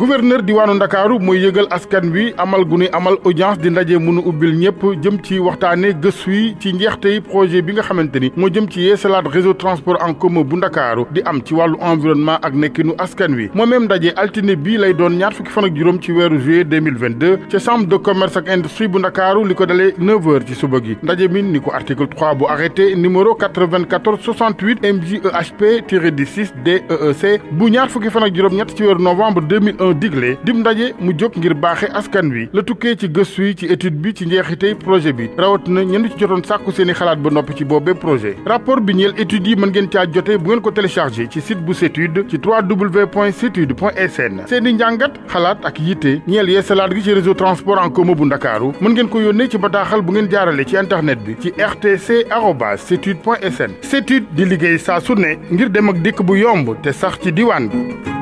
gouverneur diwaanu ndakaaru mooy yëgal askan wi amal gu ñuy amal audience di ndaje mënu ubbil ñëpp jëm ci waxtaane gëstu yi ci njeextey projet bi nga xamante ni moo jëm ci yeesalaat réseau transport en commun bu ndakaaru di am ci wàllu environnement ak nekkinu askan wi moo même ndaje altine bii lay doon ñaar fukki fan ak juróom ci weeru juillet 2022 ca chambre de commerce ak industrie bu ndakaaru li ko dalee 9 heures ci suba gi ndaje mi ni ko article bu arrêté numéro digle dim ndaje mu jóg ngir baaxe askan wi la tukkee ci gëstu yi ci étude bi ci njeexitey projet bi rawat rawatina ñenn ci jotoon sàkku seeni xalaat ba noppi ci boobee projet rapport bi ñeel étude yi mën ngeen caa jote bu ngeen ko téléchargé ci site bu CETUD ci www.cetud.sn seeni njàngat xalaat ak yitte ñeel yeesalaat gi ci réseau transport en bu ndakaaru mën ngeen ko yónnee ci bataaxal bu ngeen jaarale ci internet bi ci rtc arobas cetud point sn di liggéey saa su ne ngir dem ak dikk bu yomb te sax ci diwaan bi